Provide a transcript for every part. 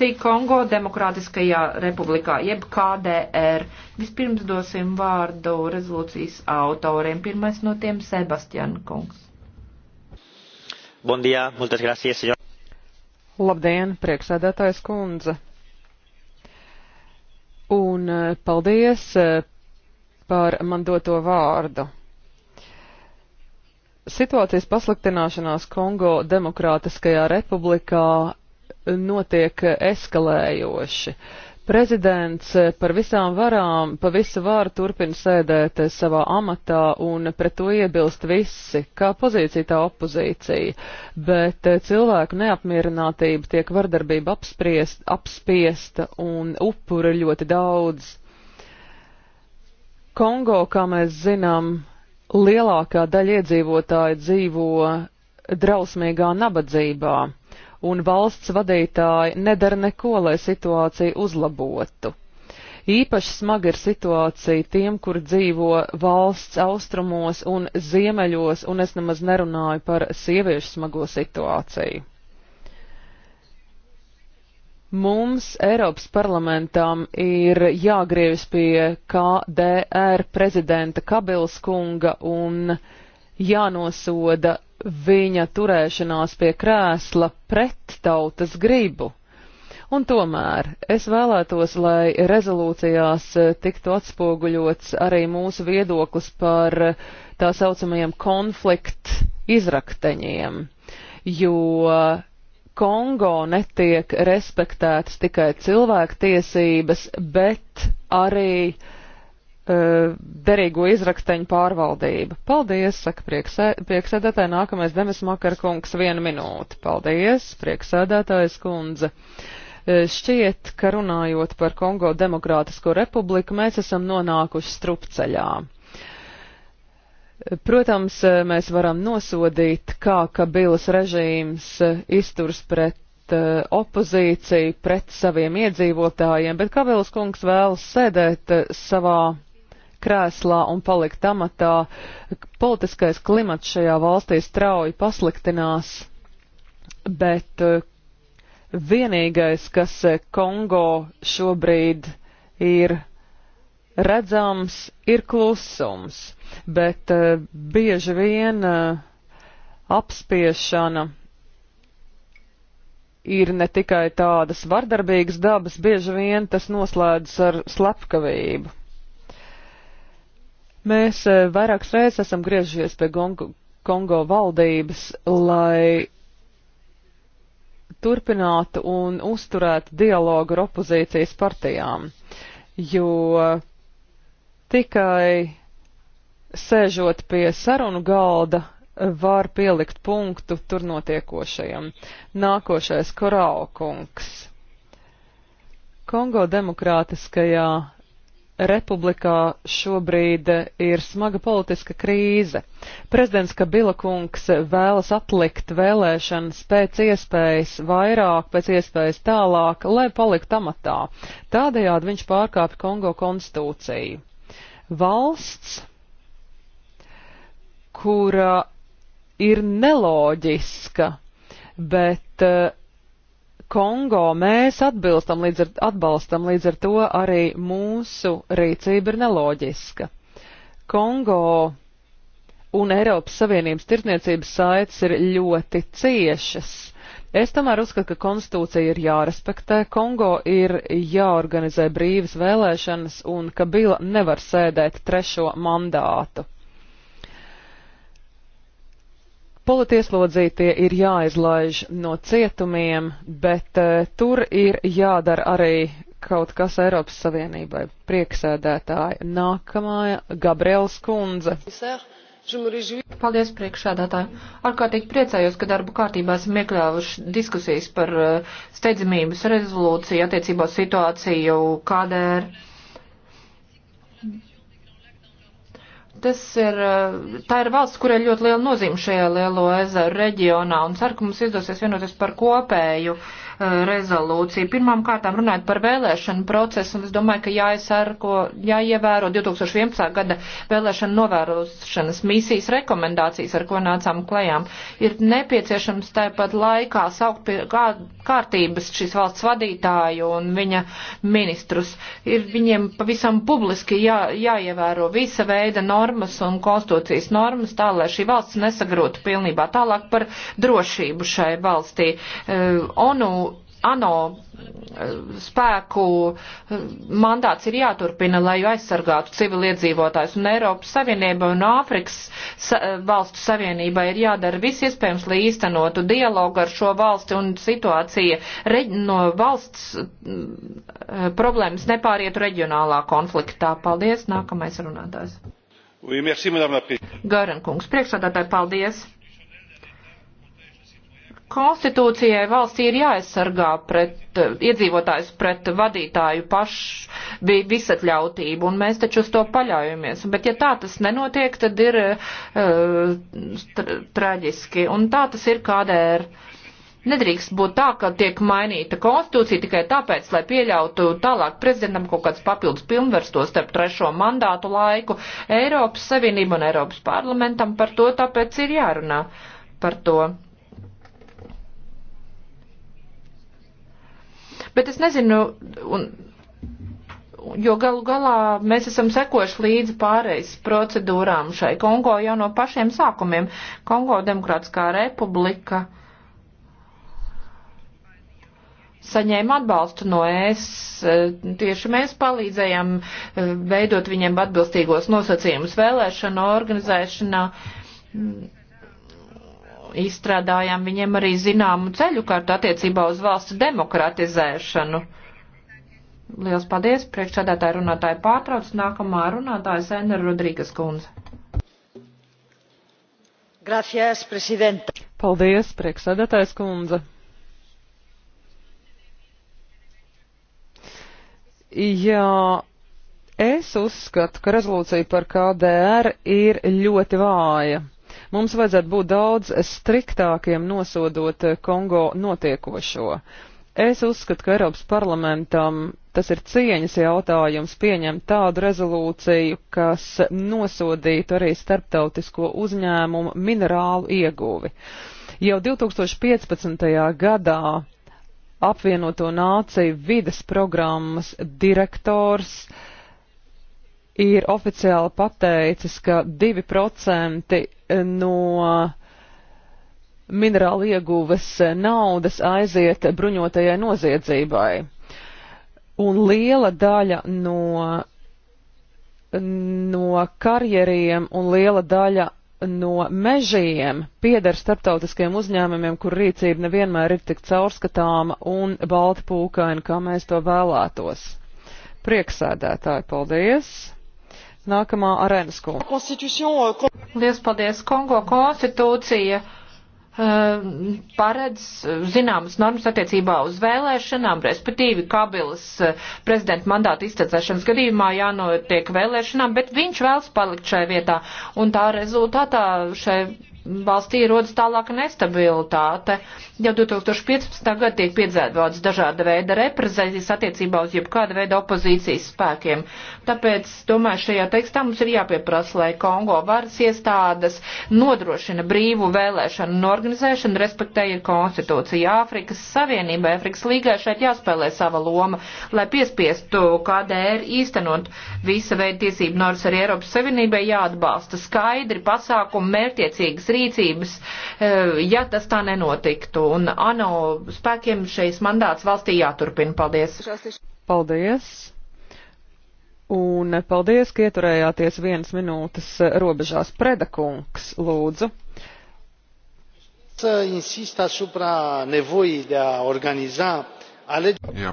Demokrātija Kongo Demokrātiskajā republikā, jeb KDR. Vispirms dosim vārdu rezolūcijas autoriem. Pirmais no tiem - Sebastian Kungs. Bon dia, multas gracias, senor. Labdien, prieksēdētājs kundze. Un e, paldies e, par man doto vārdu situācijas pasliktināšanās Kongo Demokrātiskajā republikā notiek eskalējoši. Prezidents eh, par visām varām, pa visu vāru turpina sēdēt eh, savā amatā un pret to iebilst visi, kā pozīcija tā opozīcija, bet eh, cilvēku neapmierinātība tiek vardarbība apspriest, apspiesta un upura ļoti daudz. Kongo, kā mēs zinām, lielākā daļa iedzīvotāji dzīvo drausmīgā nabadzībā un valsts vadītāji nedara neko, lai situāciju uzlabotu. Īpaši smaga ir situācija tiem, kur dzīvo valsts austrumos un ziemeļos, un es nemaz nerunāju par sieviešu smago situāciju. Mums, Eiropas parlamentam, ir jāgriežas pie KDR prezidenta Kabils kunga un jānosoda viņa turēšanās pie krēsla pret tautas gribu. Un tomēr es vēlētos, lai rezolūcijās eh, tiktu atspoguļots arī mūsu viedoklis par eh, tā saucamajiem konfliktu izrakteņiem, jo Kongo netiek respektētas tikai cilvēktiesības, bet arī uh, E, derīgo izraksteņu pārvaldība. Paldies, saka prieksēdētāji, nākamais Demis Makarkungs, viena minūte. Paldies, prieksēdētājs kundze. E, šķiet, ka runājot par Kongo Demokrātisko republiku, mēs esam nonākuši strupceļā. Protams, e, mēs varam nosodīt, kā Kabilas režīms izturs pret opozīciju, pret saviem iedzīvotājiem, bet Kabilas kungs vēlas sēdēt savā krēslā un palikt amatā. Politiskais klimats šajā valstī strauji pasliktinās, bet eh, vienīgais, kas eh, Kongo šobrīd ir redzams, ir klusums, bet eh, bieži vien apspiešana ir ne tikai tādas vardarbīgas dabas, bieži vien tas noslēdzas ar slepkavību. Mēs e, vairākas reizes esam griežies pie Gongo, Kongo valdības, lai turpinātu un uzturētu dialogu ar opozīcijas partijām, jo tikai sēžot pie sarunu galda var pielikt punktu tur notiekošajam. Nākošais Koraukungs. Kongo Demokrātiskajā republikā šobrīd ir smaga politiska krīze. Prezidents Kabila kungs vēlas atlikt vēlēšanas pēc iespējas vairāk, pēc iespējas tālāk, lai palikt amatā. Tādējādi viņš pārkāpja Kongo konstitūciju. Valsts, kura ir neloģiska, bet uh, Kongo mēs atbilstam līdz ar, atbalstam, līdz ar to arī mūsu rīcība ir neloģiska. Kongo un Eiropas Savienības tirsniecības saites ir ļoti ciešas. Es tomēr uzskatu, ka konstitūcija ir jārespektē, Kongo ir jāorganizē brīvas vēlēšanas un ka Bila nevar sēdēt trešo mandātu. Politieslodzītie ir jāizlaiž no cietumiem, bet uh, tur ir jādara arī kaut kas Eiropas Savienībai. Prieksēdētāja nākamā Gabriels Kundze. Paldies, priekšsēdētāji. Ārkārtīgi priecājos, ka darbu kārtībā esam iekļāvuši diskusijas par uh, steidzamības rezolūciju attiecībā situāciju KDR. Tas ir, eh, tā ir valsts, kurai ļoti liela nozīme šajā lielo ezeru reģionā, un ceru, ka mums izdosies vienoties par kopēju uh, Eh, rezolūciju. Pirmām kārtām runājot par vēlēšanu procesu, un es domāju, ka jāiesērko, jāievēro 2011. gada vēlēšanu novērošanas misijas rekomendācijas, ar ko nācām klajām. Ir nepieciešams tāpat laikā saukt pie kā, kārtības šīs valsts vadītāju un viņa ministrus. Ir viņiem pavisam publiski jā, jāievēro visa veida normas un konstitūcijas normas, tā lai šī valsts nesagrotu pilnībā. Tālāk par drošību šai valstī. Uh, onu ANO eh, spēku eh, mandāts ir jāturpina, lai aizsargātu civiliedzīvotājs. Un Eiropas Savienība un Āfrikas sa eh, valstu savienība ir jādara viss iespējams, lai īstenotu dialogu ar šo valsti un situācija no valsts problēmas nepārietu reģionālā konfliktā. Paldies, nākamais runātājs. Oui, merci, Garan kungs, priekšsādātāji, paldies! Konstitūcijai valstī ir jāaizsargā pret eh, iedzīvotājs, pret vadītāju pašu visatļautību, un mēs taču uz to paļaujamies. Bet ja tā tas nenotiek, tad ir uh, traģiski, un tā tas ir kādēr. Nedrīkst būt tā, ka tiek mainīta konstitūcija tikai tāpēc, lai pieļautu tālāk prezidentam kaut kāds papildus pilnvars to starp trešo mandātu laiku. Eiropas Savienība un Eiropas parlamentam par to tāpēc ir jārunā par to. Bet es nezinu, un, jo galu galā mēs esam sekojuši līdzi pārejas procedūrām šai Kongo jau no pašiem sākumiem. Kongo Demokrātiskā republika saņēma atbalstu no es. E, tieši mēs palīdzējām e, veidot viņiem atbilstīgos nosacījumus vēlēšanu organizēšanā izstrādājām viņiem arī zināmu ceļu kārtu attiecībā uz valsts demokratizēšanu. Liels paldies, priekšsādātāja runātāja pārtrauc, nākamā runātāja Sēnera Rodrīgas kundze. Gracias, prezidenta. Paldies, priekšsādātājs kundze. Jā, es uzskatu, ka rezolūcija par KDR ir ļoti vāja. Mums vajadzētu būt daudz striktākiem nosodot eh, Kongo notiekošo. Es uzskatu, ka Eiropas parlamentam tas ir cieņas jautājums pieņemt tādu rezolūciju, kas nosodītu arī starptautisko uzņēmumu minerālu ieguvi. Jau 2015. gadā apvienoto nāciju vides programmas direktors uh, ir oficiāli pateicis, ka 2% no minerāla ieguves naudas aiziet bruņotajai noziedzībai. Un liela daļa no, no karjeriem un liela daļa no mežiem pieder starptautiskiem uzņēmumiem, kur rīcība nevienmēr ir tik caurskatāma un balti pūkaina, kā mēs to vēlētos. Prieksēdētāji, paldies! Nākamā arēnas kunga. Eh, Liels paldies. Kongo konstitūcija eh, paredz eh, zināmas normas attiecībā uz vēlēšanām, respektīvi Kabilas prezidenta mandāta izcēlēšanas gadījumā jānotiek vēlēšanām, bet viņš vēlas palikt šai vietā, un tā rezultātā šai valstī rodas tālāka nestabilitāte. Jau 2015. gadā tiek piedzēvots dažāda veida reprezēzijas attiecībā uz jebkāda veida opozīcijas spēkiem. Tāpēc, domāju, šajā tekstā mums ir jāpieprasa, lai Kongo varas iestādes nodrošina brīvu vēlēšanu un organizēšanu, respektēja konstitūciju. Āfrikas Savienība, Āfrikas līgai šeit jāspēlē sava loma, lai piespiestu KDR īstenot visa veida tiesību normas arī Eiropas Savienībai jāatbalsta skaidri pasākumi mērķiecīgas rīcības, e, ja tas tā nenotiktu. Un ANO spēkiem šeis mandāts valstī jāturpina. Paldies! Paldies! Un paldies, ka ieturējāties vienas minūtes robežās. Predakungs, lūdzu. Să insist asupra nevoii de a organiza alegeri.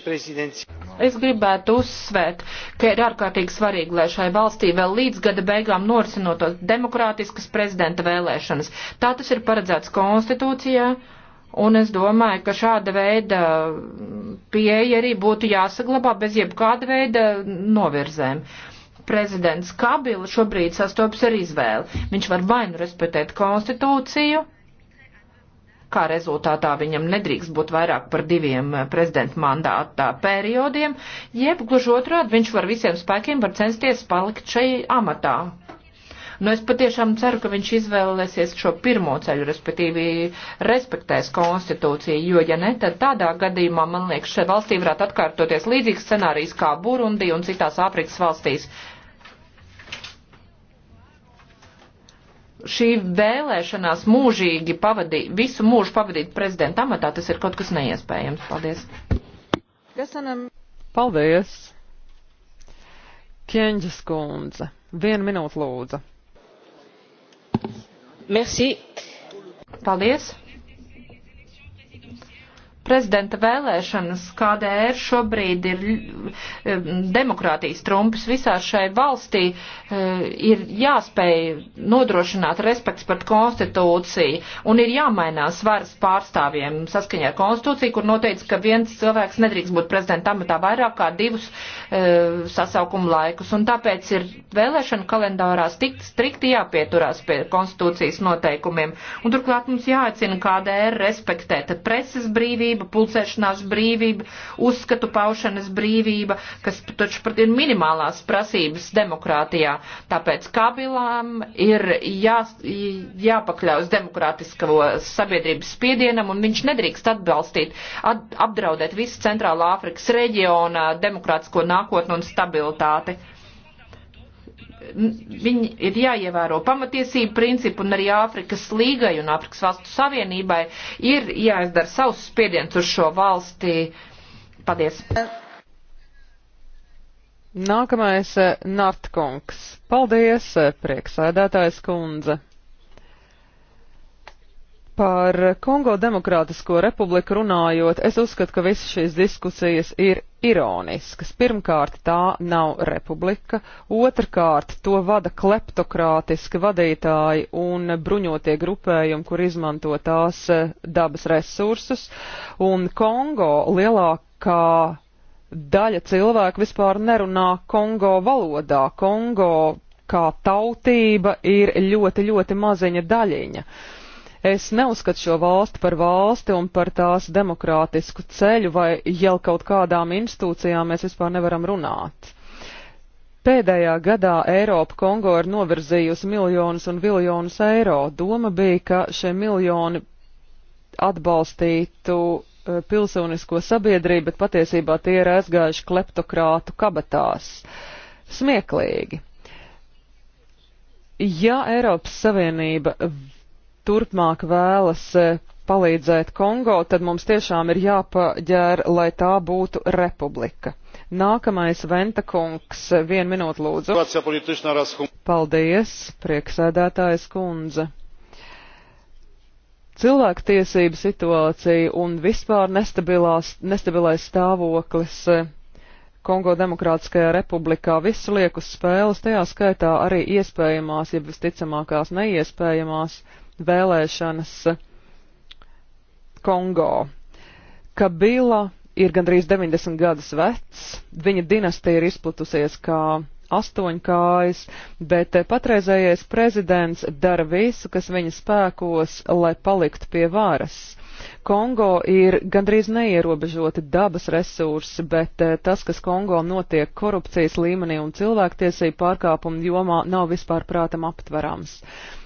Es gribētu uzsvērt, ka ir ārkārtīgi svarīgi, lai šai valstī vēl līdz gada beigām norisinotos demokrātiskas prezidenta vēlēšanas. Tā tas ir paredzēts konstitūcijā. Un es domāju, ka šāda veida pieeja arī būtu jāsaglabā bez jebkāda veida novirzēm. Prezidents Kabila šobrīd sastopas ar izvēli. Viņš var vai nu respektēt konstitūciju, kā rezultātā viņam nedrīkst būt vairāk par diviem eh, prezidenta mandātā periodiem, jeb gluži otrādi viņš var visiem spēkiem var censties palikt šai amatā. Nu, es patiešām ceru, ka viņš izvēlēsies šo pirmo ceļu, respektīvi respektēs konstitūciju, jo, ja ne, tad tādā gadījumā, man liekas, šai valstī varētu atkārtoties līdzīgs scenārijs kā Burundi un citās Āfrikas valstīs, šī vēlēšanās mūžīgi pavadīt, visu mūžu pavadīt prezidenta amatā, tas ir kaut kas neiespējams. Paldies. Gasanam. Paldies. Kieņģis kundze. Vienu minūtu lūdzu. Merci. Paldies prezidenta vēlēšanas, KDR šobrīd ir eh, demokrātijas trumps visā šai valstī, eh, ir jāspēj nodrošināt respekts pret konstitūciju un ir jāmainās varas pārstāvjiem saskaņā ar konstitūciju, kur noteica, ka viens cilvēks nedrīkst būt prezidenta amatā vairāk kā divus uh, eh, sasaukumu laikus. Un tāpēc ir vēlēšana kalendārā strikt, strikti jāpieturās pie konstitūcijas noteikumiem. Un turklāt mums jāaicina KDR respektēt preses brīvību brīvība, pulcēšanās brīvība, uzskatu paušanas brīvība, kas taču pat ir minimālās prasības demokrātijā. Tāpēc kabilām ir jā, jāpakļaus demokrātisko sabiedrības spiedienam, un viņš nedrīkst atbalstīt, at, apdraudēt visu Centrālā Āfrikas reģiona demokrātisko nākotnu un stabilitāti viņi ir jāievēro pamatiesību principu un arī Āfrikas līgai un Āfrikas valstu savienībai ir jāizdara savs spiediens uz šo valsti. Paldies! Nākamais eh, Nartkungs. Paldies, eh, prieksēdētājs kundze. Par Kongo Demokrātisko republiku runājot, es uzskatu, ka visas šīs diskusijas ir ironiskas. Pirmkārt, tā nav republika, otrkārt, to vada kleptokrātiski vadītāji un bruņotie grupējumi, kur izmanto tās e, dabas resursus, un Kongo lielākā daļa cilvēku vispār nerunā Kongo valodā. Kongo kā tautība ir ļoti, ļoti maziņa daļiņa. Uh, Es neuzskatu šo valsti par valsti un par tās demokrātisku ceļu, vai jau kaut kādām institūcijām mēs vispār nevaram runāt. Pēdējā gadā Eiropa Kongo ir novirzījusi miljonus un miljonus eiro. Doma bija, ka šie miljoni atbalstītu eh, pilsonisko sabiedrību, bet patiesībā tie ir aizgājuši kleptokrātu kabatās. Smieklīgi. Ja Eiropas Savienība turpmāk vēlas e, palīdzēt Kongo, tad mums tiešām ir jāpaģēr, lai tā būtu republika. Nākamais Venta kungs, vienu minūtu lūdzu. Paldies, prieksēdētājs kundze. Cilvēktiesība situācija un vispār nestabilais stāvoklis e, Kongo Demokrātiskajā republikā visu liek uz spēles, tajā skaitā arī iespējamās, ja visticamākās neiespējamās vēlēšanas Kongo. Kabila ir gandrīz 90 gadus vecs, viņa dinastija ir izplatusies kā astoņkājas, bet patreizējais prezidents dara visu, kas viņa spēkos, lai palikt pie varas. Kongo ir gandrīz neierobežoti dabas resursi, bet tas, kas Kongo notiek korupcijas līmenī un cilvēktiesību pārkāpumu jomā, nav vispār prātam aptverams.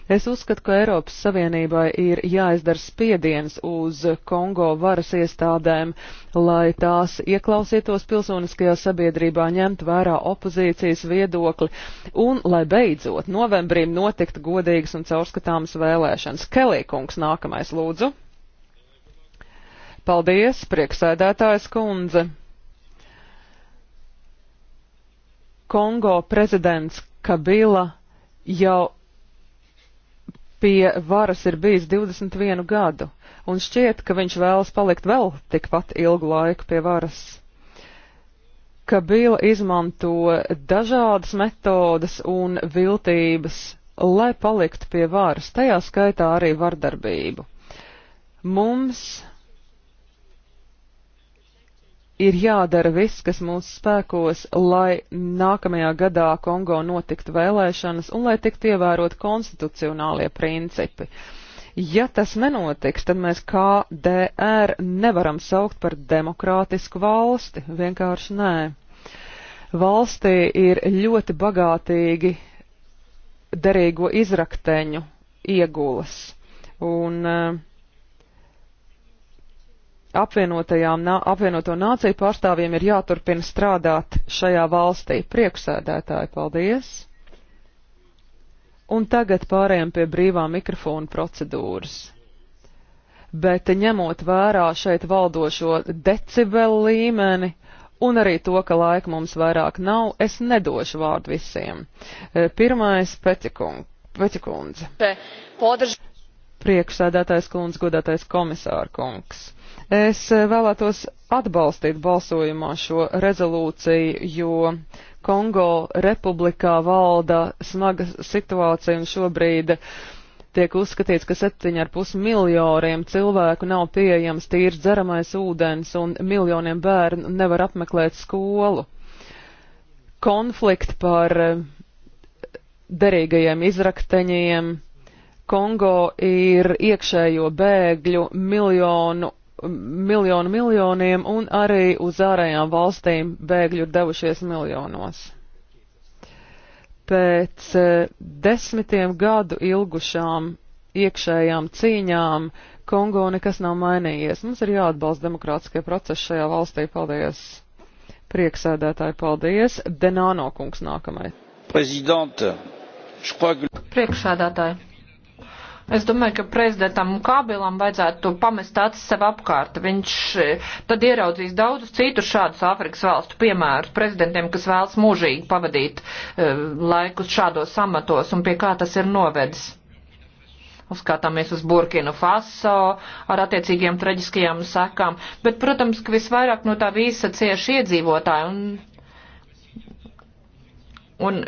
Es uzskatu, ka Eiropas Savienībai ir jāizdara spiediens uz Kongo varas iestādēm, lai tās ieklausītos pilsoniskajā sabiedrībā, ņemtu vērā opozīcijas viedokli un lai beidzot novembrim notiktu godīgas un caurskatāmas vēlēšanas. Kelīkungs nākamais lūdzu. Paldies, prieksēdētājs kundze. Kongo prezidents Kabila jau pie varas ir bijis 21 gadu, un šķiet, ka viņš vēlas palikt vēl tikpat ilgu laiku pie varas. Kabila izmanto dažādas metodas un viltības, lai paliktu pie varas, tajā skaitā arī vardarbību. Mums ir jādara viss, kas mūsu spēkos, lai nākamajā gadā Kongo notiktu vēlēšanas un lai tiktu ievērot konstitucionālie principi. Ja tas nenotiks, tad mēs KDR nevaram saukt par demokrātisku valsti, vienkārši nē. Valstī ir ļoti bagātīgi derīgo izrakteņu iegulas, un uh, apvienoto nāciju pārstāvjiem ir jāturpina strādāt šajā valstī. Prieksēdētāji, paldies! Un tagad pārējām pie brīvā mikrofona procedūras. Bet ņemot vērā šeit valdošo decibelu līmeni un arī to, ka laika mums vairāk nav, es nedošu vārdu visiem. E, pirmais Peķikundze. Priekšsēdētājs kundze, godātais komisāra kungs. Es eh, vēlētos atbalstīt balsojumā šo rezolūciju, jo Kongo republikā valda smaga situācija un šobrīd tiek uzskatīts, ka 7,5 miljoniem cilvēku nav pieejams tīrs dzeramais ūdens un miljoniem bērnu nevar apmeklēt skolu. Konflikti par eh, derīgajiem izrakteņiem. Kongo ir iekšējo bēgļu miljonu miljonu miljoniem un arī uz ārējām valstīm bēgļu ir devušies miljonos. Pēc e, desmitiem gadu ilgušām iekšējām cīņām Kongo nekas nav mainījies. Mums ir jāatbalsta demokrātiskie procesi šajā valstī. Paldies! Prieksēdētāji, paldies! Denāno kungs nākamai. Priekšsēdētāji, Es domāju, ka prezidentam Kabilam vajadzētu pamest acis sev apkārt. Viņš e, tad ieraudzīs daudzus citus šādus Āfrikas valstu piemērus prezidentiem, kas vēlas mūžīgi pavadīt uh, laikus šādos amatos un pie kā tas ir novedis. Uzskatāmies uz Burkinu Faso ar attiecīgiem traģiskajām sekām, bet, protams, ka visvairāk no tā visa cieši iedzīvotāji un, un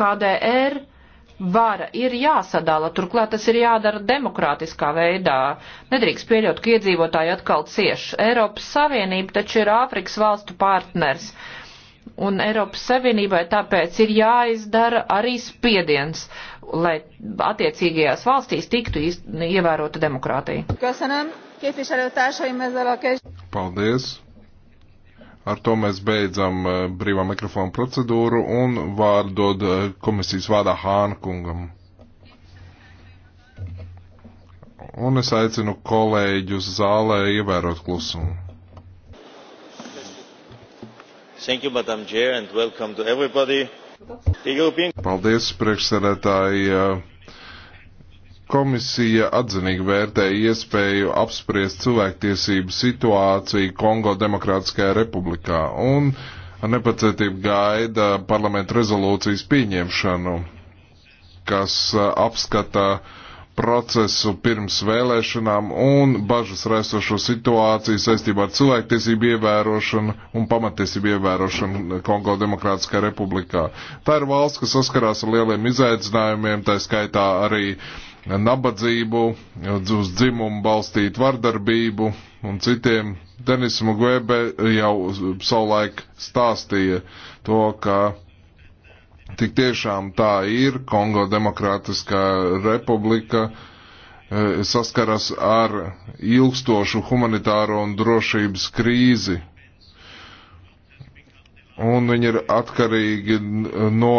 KDR vara ir jāsadala, turklāt tas ir jādara demokrātiskā veidā. Nedrīkst pieļaut, ka iedzīvotāji atkal cieš. Eiropas Savienība taču ir Āfrikas valstu partners. Un Eiropas Savienībai tāpēc ir jāizdara arī spiediens, lai attiecīgajās valstīs tiktu ievērota demokrātija. Paldies! Ar to mēs beidzam eh, brīvā mikrofona procedūru un vārdu dod eh, komisijas vārdā Hāna kungam. Un es aicinu kolēģus zālē ievērot klusumu. Thank you, Madam Chair, and welcome to everybody. European... Paldies, priekšsēdētāji. Eh, Komisija atzinīgi vērtēja iespēju apspriest cilvēktiesību situāciju Kongo Demokrātiskajā republikā un ar nepacietību gaida parlamentu rezolūcijas pieņemšanu, kas uh, apskata procesu pirms vēlēšanām un bažas raisošo situāciju saistībā ar cilvēktiesību ievērošanu un pamatiesību ievērošanu Kongo Demokrātiskā republikā. Tā ir valsts, kas saskarās ar lieliem izaicinājumiem, tā skaitā arī uh, nabadzību, uz dzimumu balstītu vardarbību un citiem. Denis Mugwebe jau savulaik stāstīja to, ka tik tiešām tā ir Kongo Demokrātiskā republika e, saskaras ar ilgstošu humanitāro un drošības krīzi un viņi ir atkarīgi no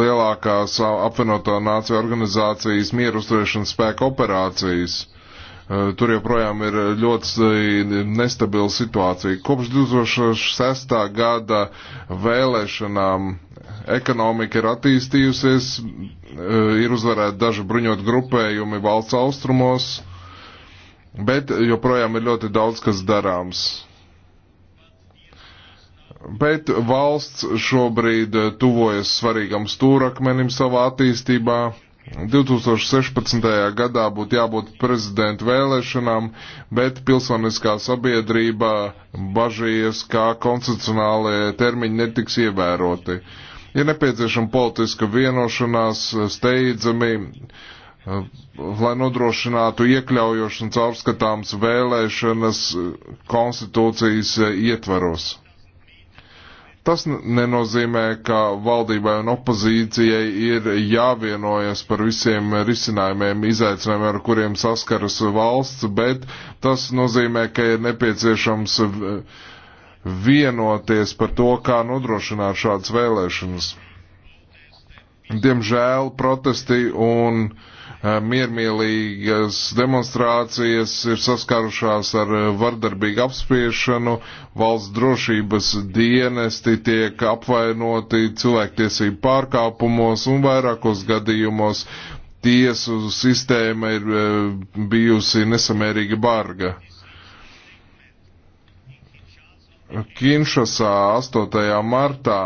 lielākās apvienoto nāciju organizācijas mieru uzturēšanas spēku operācijas. E, tur joprojām ir ļoti nestabila situācija. Kopš 2006. gada vēlēšanām ekonomika ir attīstījusies, e, ir uzvarēti daži bruņot grupējumi valsts austrumos, bet joprojām ir ļoti daudz, kas darāms Bet valsts šobrīd eh, tuvojas svarīgam stūrakmenim savā attīstībā. 2016. gadā būtu jābūt prezidenta vēlēšanām, bet pilsoniskā sabiedrība bažījies, kā koncepcionālie termiņi netiks ievēroti. Ir nepieciešama politiska vienošanās eh, steidzami, eh, lai nodrošinātu iekļaujošas un caurskatāmas vēlēšanas konstitūcijas ietvaros. Tas nenozīmē, ka valdībai un opozīcijai ir jāvienojas par visiem risinājumiem, izaicinājumiem, ar kuriem saskaras valsts, bet tas nozīmē, ka ir nepieciešams vienoties par to, kā nodrošināt šādas vēlēšanas. Diemžēl protesti un uh, miermīlīgas demonstrācijas ir saskārušās ar vardarbīgu apspiešanu, valsts drošības dienesti tiek apvainoti cilvēktiesību pārkāpumos un vairākos gadījumos tiesu sistēma ir bijusi nesamērīgi barga. Kinšasā 8. martā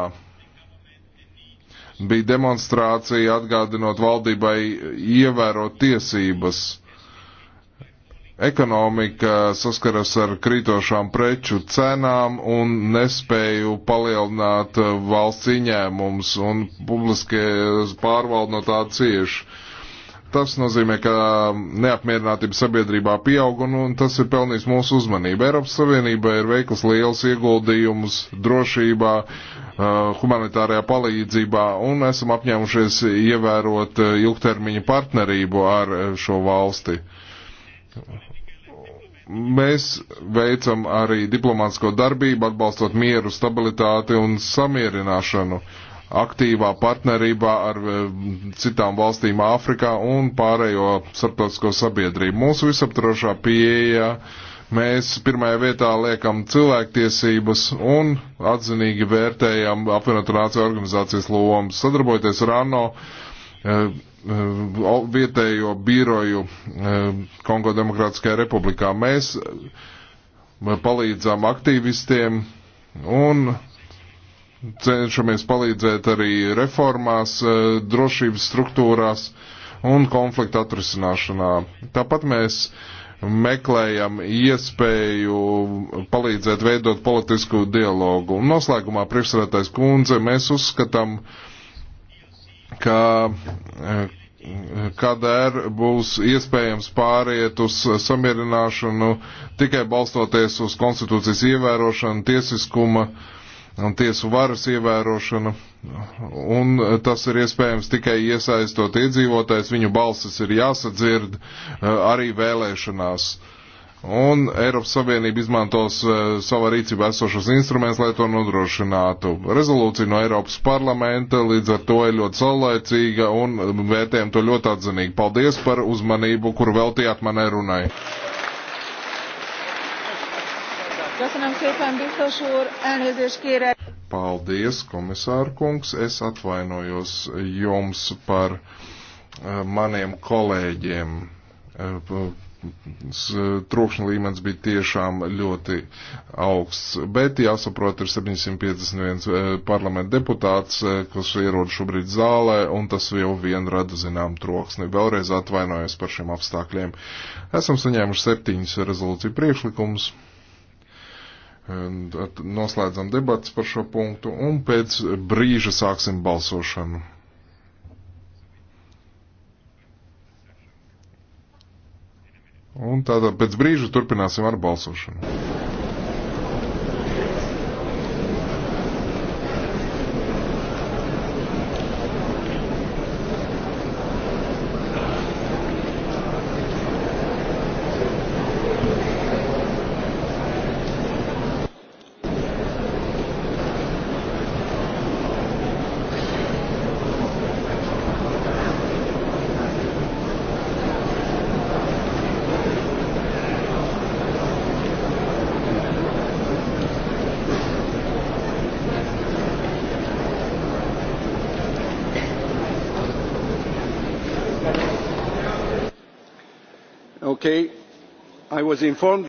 bija demonstrācija atgādinot valdībai ievērot tiesības. Ekonomika saskaras ar krītošām preču cenām un nespēju palielināt valsts ieņēmums un publiskie pārvalde no tā cieši. Tas nozīmē, ka neapmierinātība sabiedrībā pieaug, un, un tas ir pelnījis mūsu uzmanību. Eiropas Savienība ir veiklas liels ieguldījums drošībā, uh, humanitārajā palīdzībā, un esam apņēmušies ievērot uh, ilgtermiņa partnerību ar uh, šo valsti. Mēs veicam arī diplomātsko darbību, atbalstot mieru, stabilitāti un samierināšanu. Uh, aktīvā partnerībā ar eh, citām valstīm Āfrikā un pārējo starptautisko sabiedrību. Mūsu visaptrošā pieeja mēs pirmajā vietā liekam cilvēktiesības un atzinīgi vērtējam apvienotu nāciju organizācijas lomu. Sadarbojoties ar ANO eh, eh, vietējo biroju Kongo Demokrātiskajā republikā, mēs palīdzam aktīvistiem un cenšamies palīdzēt arī reformās, eh, drošības struktūrās un konflikta atrisināšanā. Tāpat mēs meklējam iespēju palīdzēt veidot politisku dialogu. Un noslēgumā priekšsēdētais kundze, mēs uzskatām, ka eh, kādēr būs iespējams pāriet uz samierināšanu tikai balstoties uz konstitūcijas ievērošanu, tiesiskuma uh, un tiesu varas ievērošana, un e, tas ir iespējams tikai iesaistot iedzīvotājs, viņu balsis ir jāsadzird e, arī vēlēšanās. Un Eiropas Savienība izmantos e, savā rīcībā esošos instrumentus, lai to nodrošinātu. Rezolūcija no Eiropas parlamenta līdz ar to ir ļoti saulaicīga un vērtējam to ļoti atzinīgi. Paldies par uzmanību, kuru veltījāt manai runai. Köszönöm szépen, biztos úr, elnézést kérek. Paldies, komisārkungs. Es atvainojos jums par eh, maniem kolēģiem. Eh, eh, trokšņa līmenis bija tiešām ļoti augsts, bet jāsaprot, ir 751 parlamenta deputāts, kas ierod šobrīd zālē, un tas jau vien rada zinām troksni. Vēlreiz atvainojos par šiem apstākļiem. Esam saņēmuši septiņus rezolūciju priekšlikumus. Uh, noslēdzam debatas par šo punktu un pēc brīža sāksim balsošanu. Un tātad pēc brīža turpināsim ar balsošanu. okay.